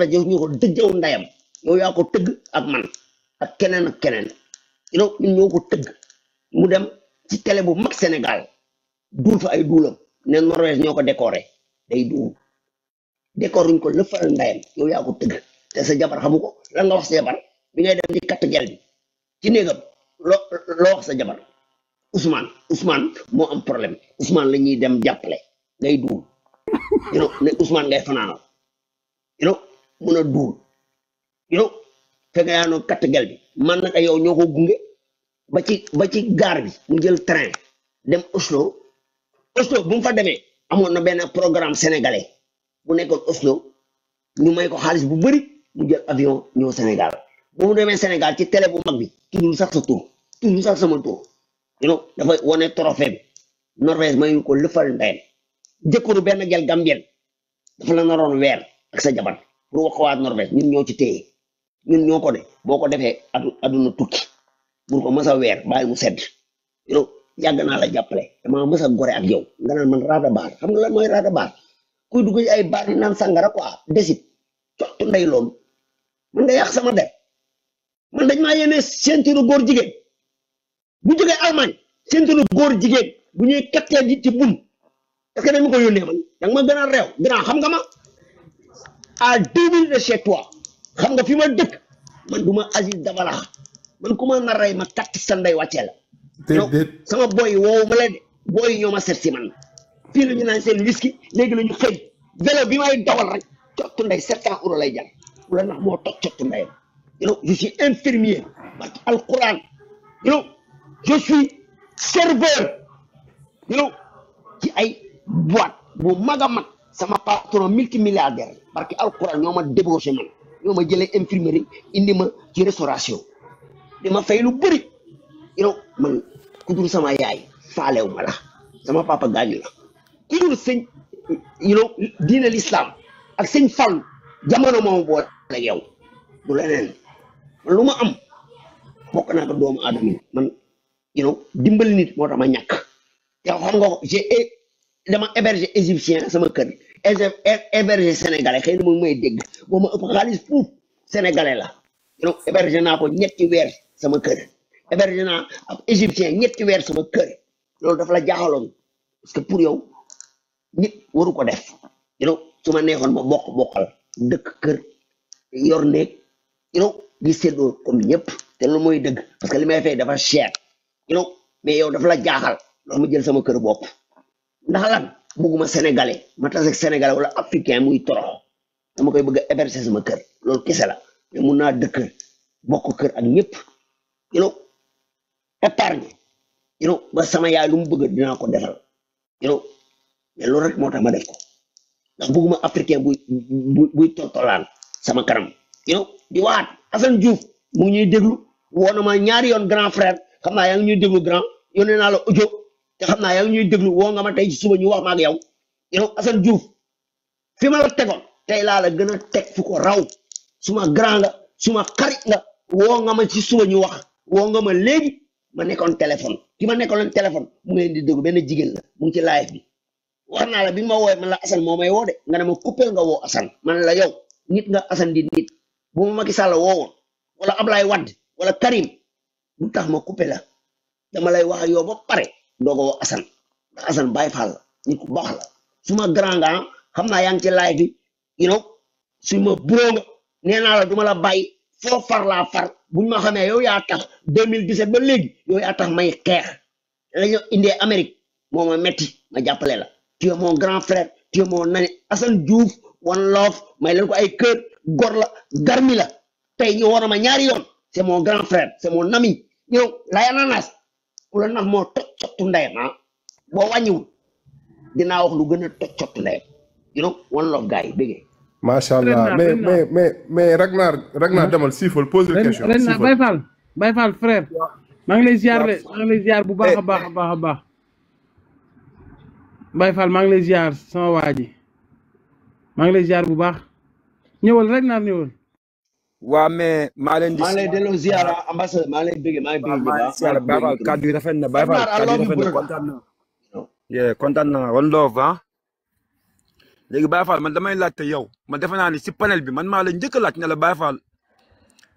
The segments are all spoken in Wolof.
la jox ñu ko dëjëw ndayam yow yaa ko tëgg ak man ak keneen keneen yow ñun tëgg mu dem ci télé bu mag Sénégal duul ay duulam ne Norvège ñoo ko décoré day duul décoruñ ko lëfal ndayam yow yaa ko tëgg te sa jabar xamu ko lan nga wax sa jabar bi ngay dem di katt gel bi ci néegam loo loo wax sa jabar Ousmane Ousmane moo am problème Ousmane la ñuy dem jàpple ngay duul ne Ousmane ngay fanaanal you mun a duul yow te yaa noon katt gel bi man na nag yow ñoo ko gunge ba ci ba ci gaar bi mu jël train dem Oslo Oslo bu mu fa demee amoon na benn programme sénégalais bu nekkoon Oslo ñu may ko xaalis bu bëri mu jël avion ñëw Sénégal bu mu demee Sénégal ci télé bu mag bi tuddul sax sa tur tuddul sax sama tur yow dafay wane trophée bi Norvège mayu ko lëfal ndeyam jëkkëru benn gel gambien dafa la naroon weer ak sa jabar pour wax waa Norvège ñun ñoo ci téye ñun ñoo ko de boo ko defee aduna tukki bur ko mës a weer bàyyi mu sedd yow naa la jàppale dama mës a gore ak yow nga naan man raada baar xam nga lan mooy raada baar kuy dugg ay baar naan sangara ko desit cottu ndey loolu man nga yàq sama der ma dañ maa yéene ceinture góor jigéen bu jógee Allemagne ceinture góor jigéen bu ñuy kattee di ci bun parce que dañ ma ko man danga ma gën a réew xam nga ma à deux minutes de chez xam nga fi ma dëkk man du ma Aziz Dabala man ku ma nar rey ma kàtt sa ndey wàccee la. sama booy woowu ma leen de booy ñoo ma seet si man fii la ñu naan seen whisky léegi la ñu xëy vélo bi may dawal rek cottu ndey sept ans euro lay jar wala ndax moo toog cottu ndey you know je suis infirmier barke alquran you know je suis serveur you know ci ay boîte bu mag a mag sama patron multi milliardaire parce que alxuraan ñoo ma débauché man ñoo ma jëlee infirmerie indi ma ci restauration di ma fay lu bëri yow man ku dul sama yaay faalew ma la sama papa gaañu la ku dul sëñ yow diine l'islam ak sëñ Fall jamono moomu boole ak yow du leneen man lu ma am bokk naa ko doomu aadama man yow dimbali moo tax ma ñàkk te xam nga dama héberger égyptien sama kër héberger sénégalais xëy na moom mooy dégg boo ma ëpp xaalis fuuf sénégalais la donc héberger naa ko ñetti weer sama kër héberger naa ab égyptien ñetti weer sama kër loolu dafa la jaaxaloon parce que pour yow waru ko def donc su ma neexoon ma bokk bokkal dëkk yor néeg donc di séddoo comme ñëpp te mooy dëgg parce que li may fay dafa cher donc mais yow dafa la jaaxal loolu ma jël sama kër bopp ndax lan bëgguma sénégalais ma tas ak sénégalais wala africain muy torox dama koy bëgg a héberger ma kër loolu kese la mais mun naa dëkk bokk kër ak ñëpp you sama yaay lu mu bëgg dinaa ko defal loolu rek moo tax ma def ko ndax bëgguma africain buy tortolaan sama kanam you know di waat Assane Diouf mu ñuy déglu woon na ma ñaari yoon grand frère xam naa yaa ñuy déglu grand yónnee naa la audio te xam naa yow ñuy déglu woo nga ma tey ci suba ñu wax ma ak yow yow Assane Diouf fi ma la tegoon tey laa la gën a teg fu ko raw suma grand la suma xarit nga woo nga ma ci suba ñu wax woo nga ma léegi ma nekkoon téléphone ki ma nekkoon téléphone mu ngi leen di déglu benn jigéen la mu ngi ci live bi wax naa la bi ma woowee man la Assane moo may woo de nga ne ma coupé nga woo Assane man la yow nit nga Assane di nit bu ma Macky Sall woowoon wala Ablaye Wade wala Karim lu tax ma coupé la dama lay wax yow ba doogoo asan ndax asan bàyyi faal la nit ku baax la suma grand nga xam naa yaa ngi ci laay bi you know suma buróo nga nee naa la duma la bàyyi foo far laa far buñ ma xamee yow yaa tax 2017 ba léegi yow yaa tax may xeex lañu indee Amérique moo ma metti ma jàppale la tu es mon grand frère tu es mon nani Assane Diouf one may leen ko ay kër gor la garmi la tey ñu war a ma ñaari yoon c'est moo grand frère c'est mon ami yow laay ananas ku la naan moo toj cottu ndeyam ah boo wàññiwul dinaa lu gën a toj cottu ndeyam you know one love gars yi bëggee mais mais mais mais Ragnar Ragnar demal siifal pose la question Ragnar Baye Fall Baye Fall frère maa ngi lay ziar de bu baax a eh, baax a eh. baax a baax Baye Fall maa ngi lay ziar sama waa ngi lay ziar bu baax ñëwal Ragnar ñëwal waa mais maa leen di. maa leen delloo ziara ambassadeur maa leen bëgg maa leen bëgg. maa leen ziara Baye Fall kaddu yi rafet na Baye Fall kaddu kontaan na. kontaan na one love man damay laajte yow man defe naa ni si panel bi man maa la njëkk a laaj ne la Baye Fall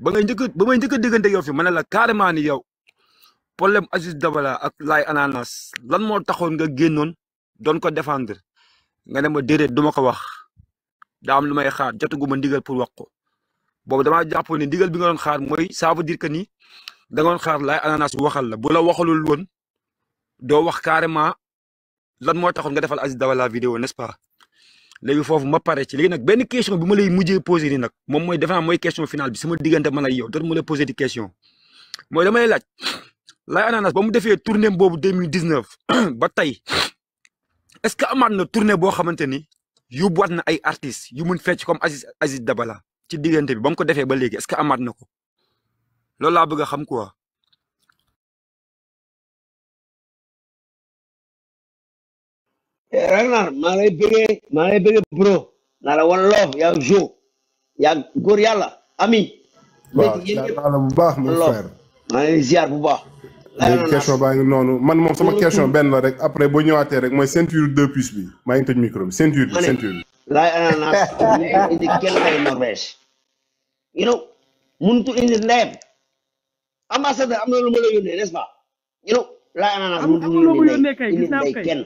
ba ngay njëkk may njëkk diggante yow fi man ne la carrément ni yow problème Aziz Dabala ak Laye Ananas lan moo taxoon nga génnoon doon ko défendre nga ne ma déedéet du ko wax daa am lu may xaar jotaguma ndigal pour wax ko. boobu dama jàpp ne digal bi nga doon xaar mooy ça veut dire que ni da nga doon xaar laay ananas waxal la bu la waxalul woon doo wax carrément lan moo taxoon nga defal Aziz Dabala vidéo n'est-ce pas léegi foofu ma pare ci léegi nag benn question bi ma lay mujjee posé nii nag moom mooy defe naa mooy question finale bi sama diggante man ak yow dootuma la posé di question mooy dama lay laaj laay ananas ba mu defee tournée boobu 2019 ba tey est-ce que amaat na tournée boo xamante ni yóbbuwaat na ay artistes yu mun fecc comme Aziz Aziz Dabala ci diggante bi ba mu ko defee ba léegi est-ce que amaat na ko loolu laa bëgg a xam quoi. Eh, Ragnar maa lay bëggee maa naa la wan love yaa jo yaa góor yàlla ami. waaw bu baax mon frère. maa lay ziar bu baax. léegi question baa ngi noonu man moom sama mm-hmm. question benn la rek après boo ñëwaatee rek mooy ceinture deux puces bi maa ngi tëj micro bi ceinture bi ceinture bi. Lai Ananas in the Kelkai, Norvège. You know, Muntu in his name. Ambassador, I'm not going to n'est-ce pas? You know, Lai Ananas, Muntu in his name.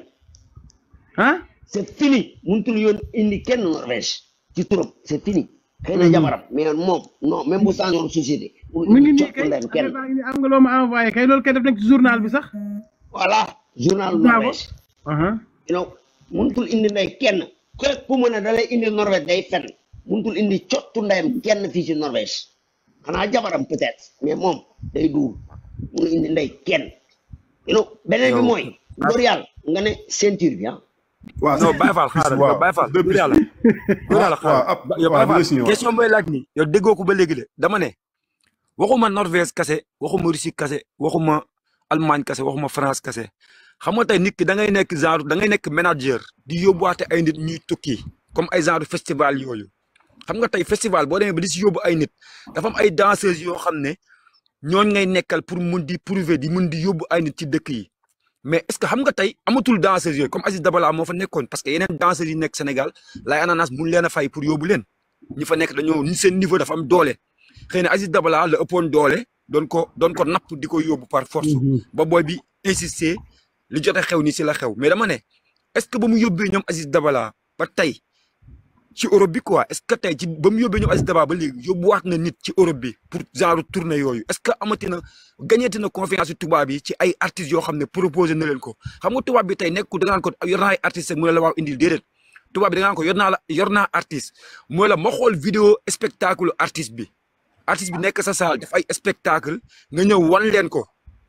Hein? C'est fini. Muntu in the Ken, ci turam c'est fini. xëy na mm. jabaram mais moom non même bu changé woon société. mu am nga loo ma kay loolu kay def nañ ci bi sax. voilà journal Norvège. Uh-huh. you know mënutul indi ndey képp ku mën a dalay indi Norvège day fen muntul indi cottu ndeyam kenn fii ci Norvège jabaram peut-être mais moom day duur mun indi ndey kenn yow bi mooy góor yàlla nga ne ceinture bi ah waaw non Baye Fall xaaral yow Baye Fall góor yàlla question bay laaj nii yow ko ba léegi de dama ne waxuma Norvège kase waxuma Russie kase waxuma Allemagne kase waxuma France kase xam nga tey nit ki da ngay nekk genre da ngay nekk manager di yóbbuwaate ay nit ñuy tukki comme ay genre festival yooyu xam nga tey festival boo demee ba di si yóbbu ay nit dafa am ay danseuses yoo xam ne ñooñ ngay nekkal pour mun di prouver di mun di yóbbu ay nit ci dëkk yi mais est ce que xam nga tey amatul danseuses yooyu comme Aziz Dabala moo fa nekkoon parce que yeneen danseuses yi nekk Sénégal lay ananas mun leen fay pour yóbbu leen ñi fa nekk dañoo ñu seen niveau dafa am doole xëy na Aziz Dabala la ëppoon doole doon ko doon ko napp di ko yóbbu par force. Mm-hmm. ba booy bi insister. li jot a xew ni si la xew mais dama ne est que ba mu yóbbee ñoom Aziz Dabala ba tey ci Europe bi quoi est-ce que tey ci ba mu yóbbee ñoom Aziz Dabala ba léegi yóbbuwaat na nit ci Europe bi pour genre tournée yooyu est-ce que amati na gañeeti na confiance yu tubaab yi ci ay artistes yoo xam ne proposé na leen ko xam nga tubaab bi tey nekku da nga naan ko yor naa ay artistes rek mu ne la waaw indil déedéet tubaab bi da yor naa la yor naa xool vidéo spectacle artiste bi artiste bi nekk sa salle def ay spectacle nga ñëw wan leen ko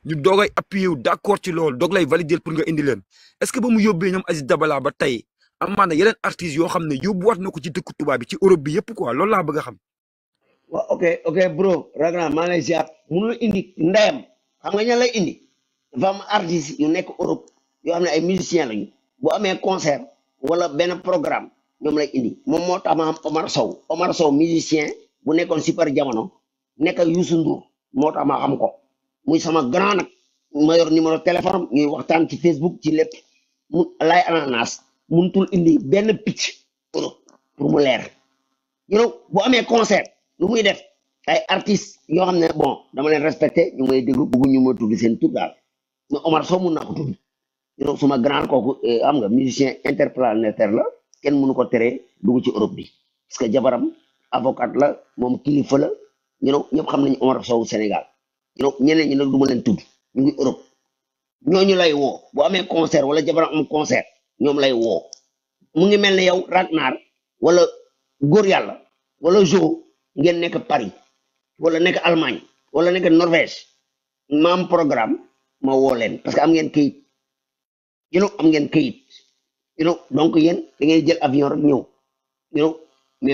ñu doogay appuyé wu d' ci loolu doog lay valider pour nga indi leen est ce que ba mu yóbbee ñoom Aziz Dabala ba tey amaana yeneen artistes yoo xam ne yóbbuwaat na ko ci dëkku tubaab bi ci Europe bi ko quoi loolu laa bëgg a xam. waaw ok ok bro Ragnar maa ngi lay ziar mënul indi ndeyam xam nga ñan lay indi dafa am artistes yu nekk Europe yoo xam ne ay musiciens lañu bu amee concert wala benn programme ñoom lay indi moom moo tax ma am Omar Sow Omar Sow musicien bu nekkoon super jamono nekk ak Youssou moo tax ma ko. muy sama grand nag ma yor numéro téléphone ñuy waxtaan ci Facebook ci lépp mu lay ananas mënutul indi benn picc pour pour mu leer yow bu amee concert lu muy def ay artistes yoo xam ne bon dama leen respecté ñu may déglu bëggu ñu ma tudd seen tu daal mu Omar Sow mun naa ko tudd yow suma grand kooku eh, xam nga musicien interplanétaire la kenn mënu ko teree dugg ci Europe bi parce que jabaram avocat la moom kilifa la ñu ñëpp xam nañu Omar Sow Sénégal. ñoo ñeneen ñi na du ma leen tudd ñu ngi Europe ñooñu lay woo bu amee concert wala jabaram am concert ñoom lay woo mu ngi mel ne yow Ragnar wala góor yàlla wala Jo ngeen nekk Paris wala nekk Allemagne wala nekk Norvège maam programme ma woo leen parce que am ngeen kayit you am ngeen kayit you donc yéen da ngeen jël avion rek ñëw you know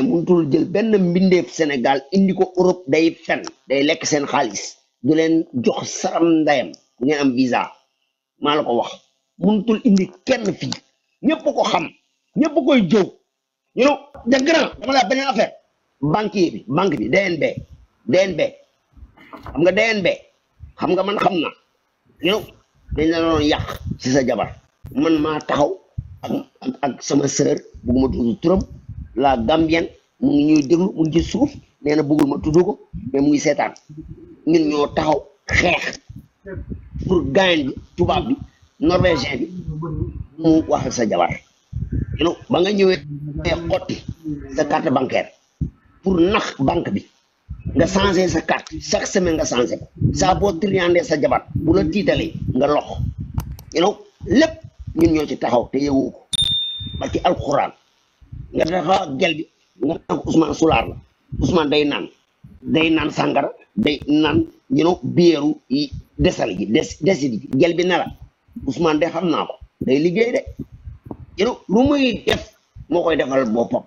mu tul jël benn mbindeef Sénégal indi ko Europe day fen day lekk seen xaalis. du leen jox saram ndayam du ngeen am visa maa la ko wax mënutul indi kenn fii ñëpp ko xam ñëpp koy jëw ñu de grand dama la beneen affaire banquier bi banque bi DNB DNB xam nga DNB xam nga man xam na ñu dañ la doon yàq ci sa jabar man maa taxaw ak ak ak sama sœur bugguma tudd laa la Gambienne mu ngi ñuy déglu mu ngi suuf nee na buggul ma tudd ko mu ngi seetaan ñun ñoo taxaw xeex pour gaayen bi tubaab bi norvégien bi mu wax sa jabar yow ba nga ñëwee xotti sa carte bancaire pour nax banque bi nga changé sa carte chaque semaine nga changé ko saa boo triandee sa jabar bu la tiitalee nga loxo yow lépp ñun ñoo ci taxaw te yeewoo ko ba ci alxuraan nga dafa gel bi nga naan ko Sulaar la Ousmane day naan day naan sàngara day nan you know yi desal gi des desit gi gel bi nara Ousmane de xamna ko day liggey de you know lu muy def mo koy defal bopam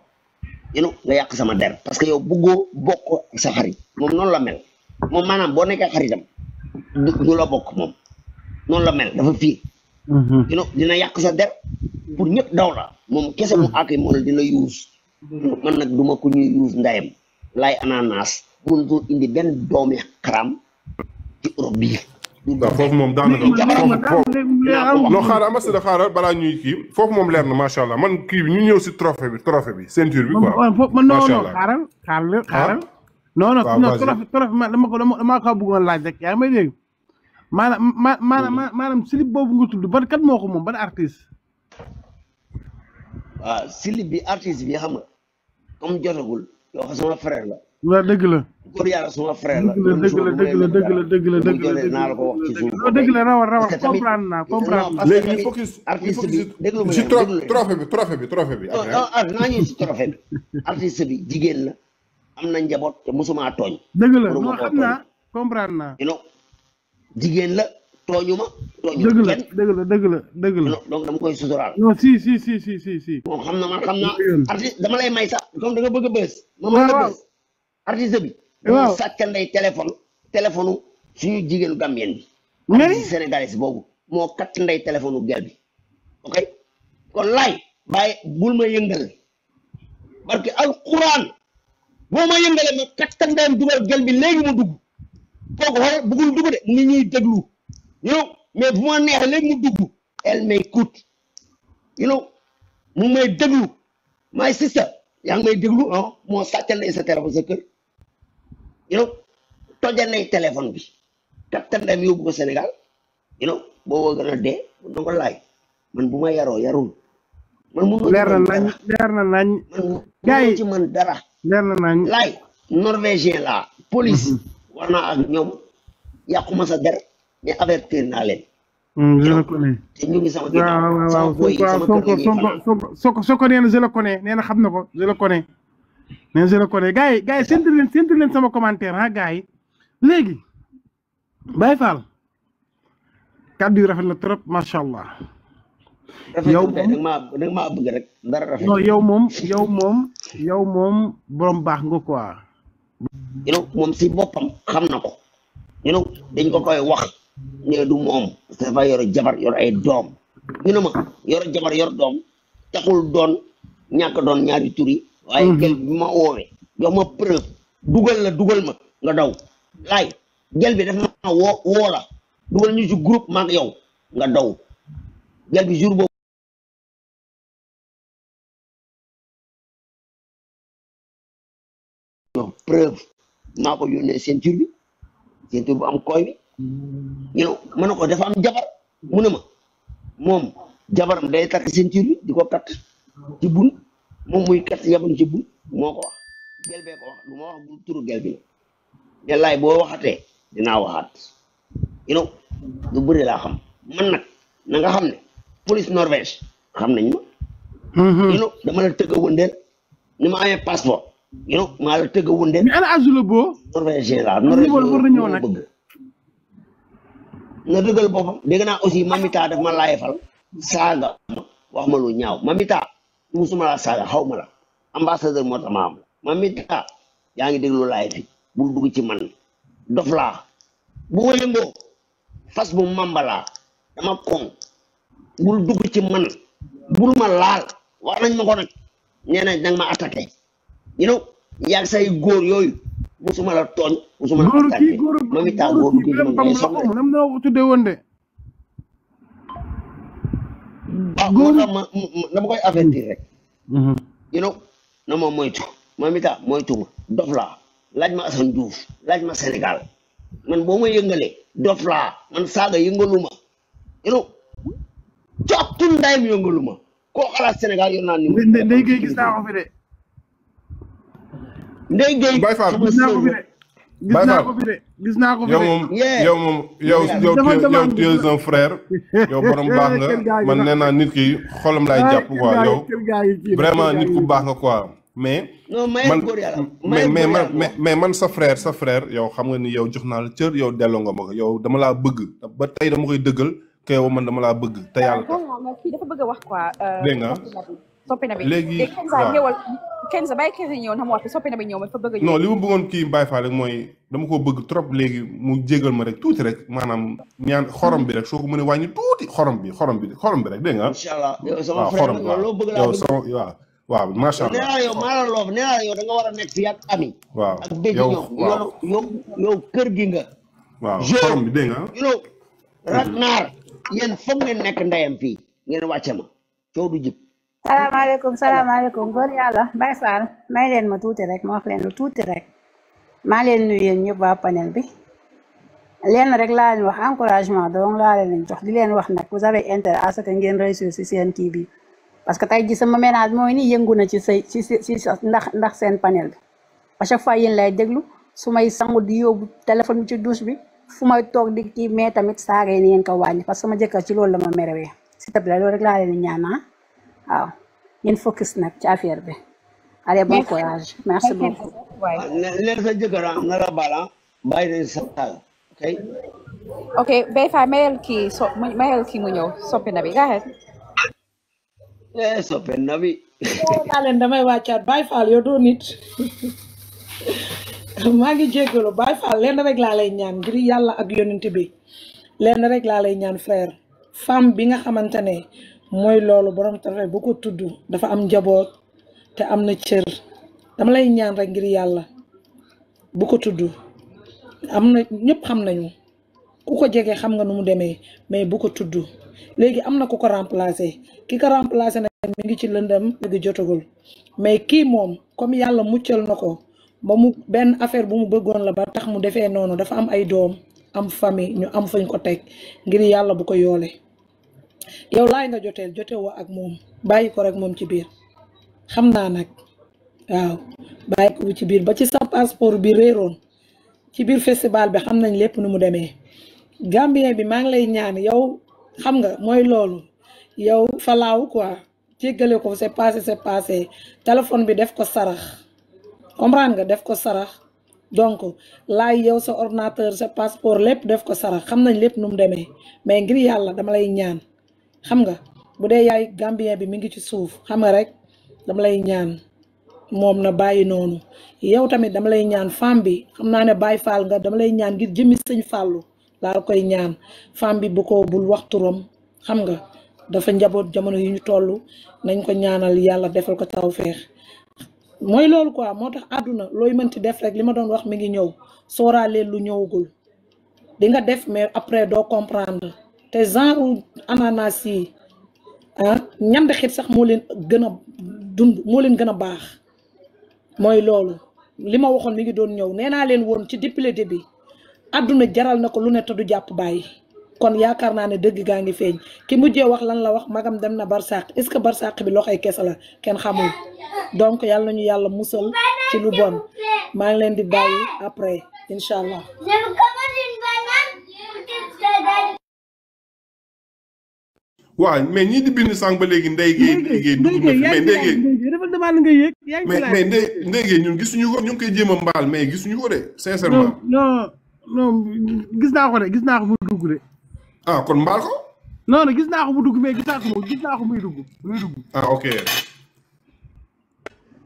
you know nga yak sama der parce que yow bugo bokk sa xarit mom non la mel mom manam bo nekk xaritam du la bokk mom non la mel dafa fi mm-hmm. you know dina yak sa der pour ñep daw la moom kese mu mm-hmm. ak mo dina use mm-hmm. man nak duma ko ñuy use ndayam lay ananas mënuñu indi benn doomi xaram ci Europe bii. waaw foofu moom daanaka non xaaral ambassadeur xaaral balaa ñuy kii foofu moom leer na macha allah man kii bi ñu ñëw si trophée bi trophée bi ceinture bi quoi. macha allah xaaral xaaral ah? xaaral. non non non trophée trophée ma dama ko dama ko bëggoon laaj rek yaa ngi may dégg. maanaam ma maanaam mm-hmm. maanaam slip boobu nga tudd ban kat moo ko moom ban artiste. waaw slip bi artiste bi xam nga comme jotagul yoo xam sama frère la. waaw dëgg la. góor yàlla suma frère la. dëgg la dëgg la dëgg ko wax ci suuf. non dëgg la rawat rawat comprendre naa la am na njaboot te mosuma tooñ. dëgg la non xam naa comprendre naa. jigéen la tooñu ma. tooñu dëgg la dëgg la dëgg la la. donc dama koy sutural. non si si si si si si. moom comme da a bës. ma artiste bi. waaw dañuy sàccanday téléphone téléphone suñu jigéenu Gambien bi. artiste sénégalais boobu moo kat nday téléphone gel bi ok kon laay bul ma yëngal parce que alquran boo ma yëngalee ma kat ndayam dugal gel léegi mu dugg kooku xool bëggul dugg de ni ñuy déglu yow mais bu ma neexee léegi mu dugg elle m'écoute you know mu may déglu my sister yaa ngi may déglu ah moo sàccanday sa téléphone sa kër. you know toja nañ téléphone bi taptandem yóbbu ko Sénégal you booboo gën a dee na ko laaj man bu yaroo yarul leer na nañ leer na nañ gars yi la police mhm. war naa ak ñoom yàquma sa der mais avertir naa leen hmm, je le connais. te ñu ngi sama ginnaaw sama koy sama kër yi soo ko na xam na ko mais je reconnais connais gars yi gars yi séntu sama commentaire ha, ah, gars yi bye Baye Fall kàddu yi rafet na trop machallah allah. yow moom yo nga maa bëgg rafet. non yow moom yow moom yow moom borom baax nga quoi. you know moom si dañ ko koy wax du moom yor jabar yor ay doom ñu ma yor jabar yor taxul ñaari waye gel bi ma woowee jox ma preuve dugal la dugal ma nga daw lay gel bi dafa ma wo woo la dugal ñu ci groupe maag yow nga daw gel bi jour bo ñoom preuve maa ko yónnee ceinture bi ceinture bu am koy bi ñu mën ko dafa am jabar mu mom jabaram day takk ceinture bi diko kat ci bun mom muy quatrième ci bu moko wax gelbe ko wax lu mo wax bu turu gel bi ne laay boo waxatee you know du bëri la xam man nak na nga xam ne police Norvège xam nañ ma mm-hmm. you know dama la tëgg a ni ma ayé passeport you know ma la tëgg a wëndeel ana azula boo norvégien la norvégien la nak na dëggal bopam dégg aussi mamita daf ma lay fal saga wax ma lu ñaaw mamita musuma la saaga xaw ma la ambassadeur moo tax ma am ma yaa ngi déglu laay fi bul dugg ci man dof laa bu wëyëngoo fas bu mamba laa dama koŋ bul dugg ci man bul ma laal wax nañ ma ko nag nee nañ danga ma attaqué you know yaag say góor yooyu musuma la tooñ musuma la attaqué ma taa góor bu gis ma tuddee woon waaw ah, moo tax ma dama koy avertir rek. Mm-hmm. you na ma moytu moytu ma dof laa laaj ma Assane Diouf laaj ma Sénégal man boo ma yëngalee dof laa man saaga yëngaluma you know cottu ndayam yëngaluma koo xalaat Sénégal yor naa ni. ndey gis naa ko fi de. ndey géey. gis gis naa yow moom yow yow yow yow tu es yow borom baax nga man nee naa nit ki xolam laay jàpp quoi yow vraiment nit ku baax nga quoi mais man mais mais mais man sa frère sa frère yow xam nga ni yow jox naa la cër yow delloo nga ma yow dama laa bëgg ba tey dama koy dëggal que yow man dama laa bëgg te yàlla tax ah, euh, léegi waaw kenn sa bàyyi kenn sa ñëw na mu wax te soppina bi ñëw ma fa bëgg a. non li ma bëggoon kii Baye Fall rek mooy dama ko bëgg trop léegi mu jégal ma rek tuuti rek maanaam ñaan xorom bi rek soo ko mënee wàññi tuuti bi xorom bi xorom bi rek dégg nga. incha allah yow sama frère loo bëgg laa bëgg waaw waaw macha allah nee a nekk fii ak ami. waaw ak dégg ñoom yow yow kër gi nga. waaw xorom bi dégg nga. yow rak naar yéen foog ngeen nekk ndeyam fii ngeen wàcce ma du jib salaamaaleykum salaamaaleykum góor yàlla Baye Fall may leen ma tuuti rek ma wax leen lu tuuti rek maa leen nuyu yéen ñëpp waa panel bi leen rek laa leen wax encouragement donc laa leen jox di leen wax nag vous avez intérêt à que ngeen réussir si seen kii bi parce que tey sama ménage mooy ni yëngu na ci say ci ci ndax ndax seen panel bi à chaque fois yéen lay déglu su may sangu di yóbbu téléphone bi ci duus bi fu may toog di kii mais tamit saagay ni ngeen ko wàññi parce que sama jëkkër ci loolu la ma merewee s'il te plaît loolu rek laa leen ñaan ah. waaw ngeen focus nag ci affaire bi. allez bon courage merci beaucoup. Ah, neel sa jëkkër ah, na la baal ah. bàyyi leen sa taal ok. ok mayel kii mu ñëw soppi na bi go ahead. Eh, na bi. leen damay wàccaat Baye Faye yow maa ngi jégalu Baye Fall lenn rek laa ñaan ngir ak yonent bi lenn rek laa ñaan frère femme bi nga xamante mooy loolu borom tawfeex bu ko tudd dafa am njaboot te am na cër dama lay ñaan rek ngir yàlla bu ko tudd am na ñëpp xam nañu ku ko jege xam nga nu mu demee mais bu ko tudd léegi am na ku ko remplacer ki ko remplacer nag mi ngi ci lëndam léegi jotagul mais kii moom comme yàlla muccal na ko ba mu benn affaire bu mu bëggoon la ba tax mu defee noonu dafa am ay doom am famille ñu am fuñ ko teg ngir yàlla bu ko yoole yow laay nga joteel jotewoo ak moom bàyyi ko rek moom ci biir xam naa nag waaw bàyyi ko ci biir ba ci sa passeport bi réeroon ci biir festival bi xam nañ lépp nu mu demee gambien bi maa ngi lay ñaan yow xam nga mooy loolu yow falaaw quoi jéggale ko c'est passé c'est passé téléphone bi def ko sarax comprendre nga def ko sarax donc laay yow sa ordinateur sa passeport lépp def ko sarax xam nañ lépp nu mu demee mais ngir yàlla dama lay ñaan xam nga bu dee yaay gambien bi mi ngi ci suuf xam nga rek dama lay ñaan moom na bàyyi noonu yow tamit dama lay ñaan femme bi xam naa ne bàyyi faal nga dama lay ñaan ngir jëmmi sëñ fàllu laa koy ñaan femme bi bu ko bul wax turam xam nga dafa njaboot jamono yu ñu toll nañ ko ñaanal yàlla defal ko tawféex mooy loolu quoi moo tax àdduna looy mënti def rek li ma doon wax mi ngi ñëw sooraaleel lu ñëwagul di def mais après doo comprendre te genre ananas yi ah ñambi xit sax moo leen gën a dund moo leen gën a baax mooy loolu li ma waxoon mi ngi doon ñëw nee naa leen woon ci depuis le début àdduna jaral na ko lu ne te du jàpp bàyyi kon yaakaar naa ne dëgg gaa ngi feeñ ki mujjee wax lan la wax magam dem na barsàq est-ce que barsàq bi loxoy kese la kenn xamul donc yàlla ñu yàlla musal ci lu bon maa ngi leen di bàyyi après incha allah waaw mais ñii di bind ba léegi Ndeye Gueye. Ndeye Gueye Ndeye Gueye Ndeye Gueye mais mais Ndeye Gueye ñun gisuñu ko ñu ngi koy jéem a mbaal mais gisuñu ko de sincèrement. non non gis naa ko de gis naa ko mu dugg de. ah kon mbaal ko. non gis naa ko mu dugg mais gis naa ko gis naa ko muy dugg muy dugg. ah ok.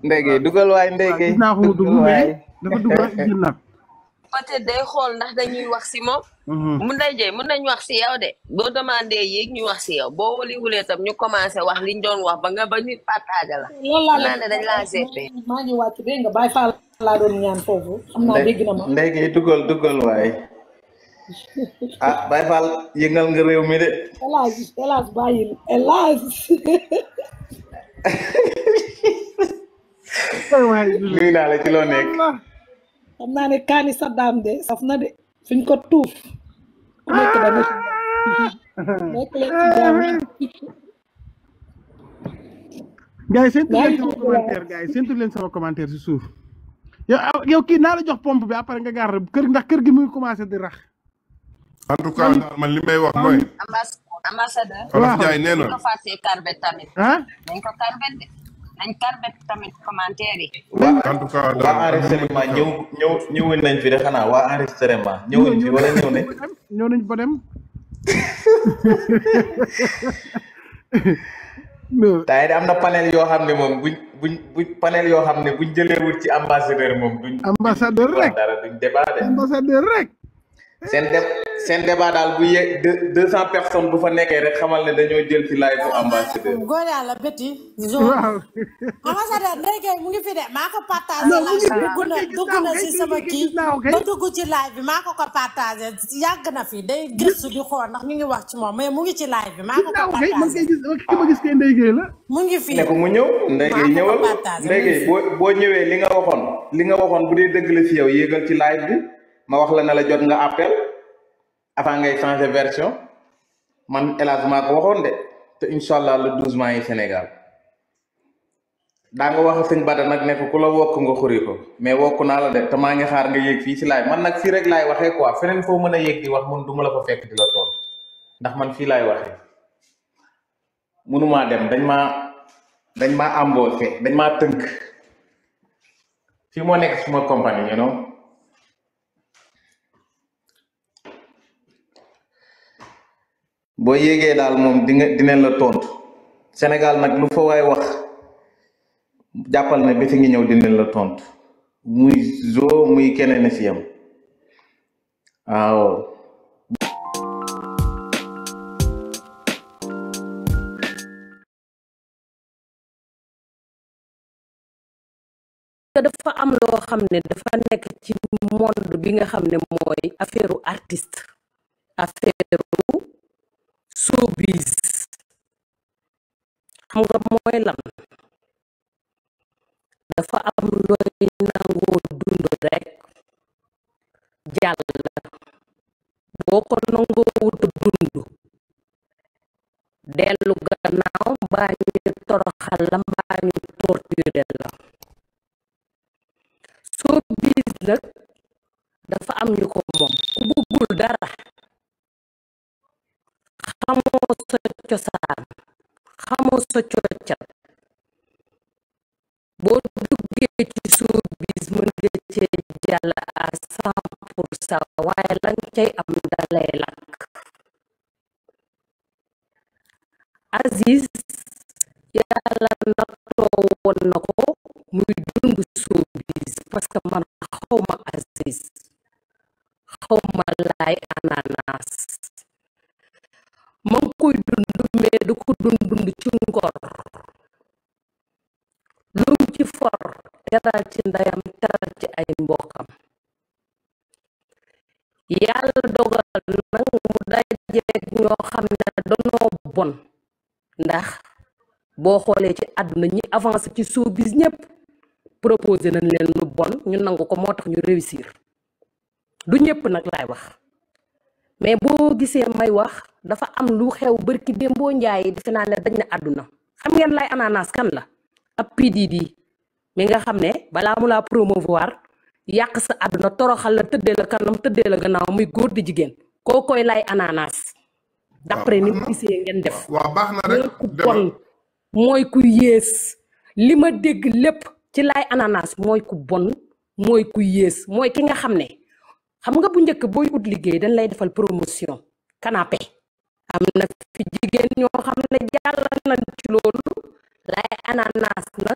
Ndeye Gueye dugal waay Ndeye Gueye. gis naa ko mu dugg mais dafa dugg ak peut-être day xool ndax dañuy wax si moom. Mm-hmm. mun nañ jëy mun nañ wax si yow de boo demandé yéeg ñu wax si yow boo waliwulee tam ñu commencé wax liñ doon wax ba nga ba nit partage la. loolu laa ne dañ maa ngi wàcc dégg nga bàyyi faa laa ah, nga réew mi de. El Hadj El Hadj bàyyi naa la ci loo nekk. xam ne kani Saddam de safna de suñ ko touf nek da dana ci nekk leen ci jàmm gaay sentu leen sama commentaire gaay sentu len sama commentaire ci souf yow ah, yow ki na la jox pompe bi après nga gar keur ndax keur gi muy commencer di rax en tout cas man limay wax moy ambassadeur wala jaay nee nena ko fasé carbet tamit hein ah? ko carbet nañ tarbe tamit commentaire yi. en tout cas waa enregistrement ñëw ñëw nañ fi xanaa waa enregistrement ñëwoon fi wala ñëw ne. ñëw nañ ba dem. taay de am na panel yoo xam ne moom buñ buñ buñ panel yoo xam ne buñ jëleewul ci ambassadeur moom duñ. ambassadeur ambassadeur rek. seen dé seen débat daal bu ye deux cent personnes bu fa nekkee rek xamal ne dañoo jël ci live bu ambassadeur. góor yàlla bétti. waaw. ambassadeur mu ngi fi de maa ko partagé. dugg na dugg na si ci live bi maa ko ko partagé yàgg na fi day gëstu di ndax ñu ngi wax ci moom mais mu ngi ci live bi maa ko ko partagé. man kay gis ma gis kay Ndeye Gueye la. mu ngi fi ne ko mu ñëw. Ndeye Gueye ñëwal Ndeye boo boo ñëwee li nga waxoon. li nga waxoon bu dee dëgg la fi yow yéegal ci live bi. ma wax la na la jot nga appel avant ngay changer version man hélas maa waxoon de te incha allah le douze mai yi Sénégal daa nga wax sëñ Bada nag ne ko ku la wokk nga xuri mais wokk naa la de te maa ngi xaar nga yéeg fii si laay man nag fii rek laay waxee quoi feneen foo mën a yéeg di wax mun du ma la fa fekk di la toon ndax man fii laay waxee munumaa dem dañ ma dañ maa embauché dañ maa tënk fii moo nekk suma compagnie you boo yéegee daal moom di nga dinañ la tontu Sénégal nag lu fa waay wax jàppal ne bési ngi ñëw dinañ la tontu muy zoo muy keneen a si yam waaw. dafa am loo xam ne dafa nekk ci monde bi nga xam ne mooy affaire artiste affaire showbiz xam nga mooy lan dafa am looy nangoo dund rekk jàll boo ko nangoo wut dund dellu gannaaw mbaa ñu toroxal la mbaa ñu torture la showbiz nag dafa am ñu ko moom ku buggul dara cosaan xamoo sa coccat boo duggee ci showbiz mën nga cee jàll à pour cent waaye lan am dalay lakk Aziz yàlla nattoo woon na ko muy dund showbiz parce que xawma Aziz xawma laay ananas ma ngi koy dund mais du ko dund dund ci ngor lu ci for teral ci ndeyam teral ci ay mbokkam yàlla dogal nag mu dajeeg ñoo xam ne danoo bon ndax boo xoolee ci àdduna ñi avancé ci suuf bi ñépp proposé nañ leen lu bon ñu nangu ko moo tax ñu réussir du ñépp nag laay wax mais boo gisee may wax dafa am lu xew barki dembo ndjay defé na né dañ ne xam ngeen lay ananas kan la ap PDD mi nga xamné ne mu la promouvoir yak sa aduna toroxal la tëddee la kanam tëddee la gannaaw muy goor di jigen lay ananas d'après ni mu ngeen def wa baxna rek ku yes lima deg lepp ci lay ananas moy ku bon moy ku yes moy ki nga xamné ne xam nga bu ñëk boy ut liggéey dañ lay defal promotion canapé am na fi jigéen ñoo xam ne jàll nañ ci loolu lay ananas na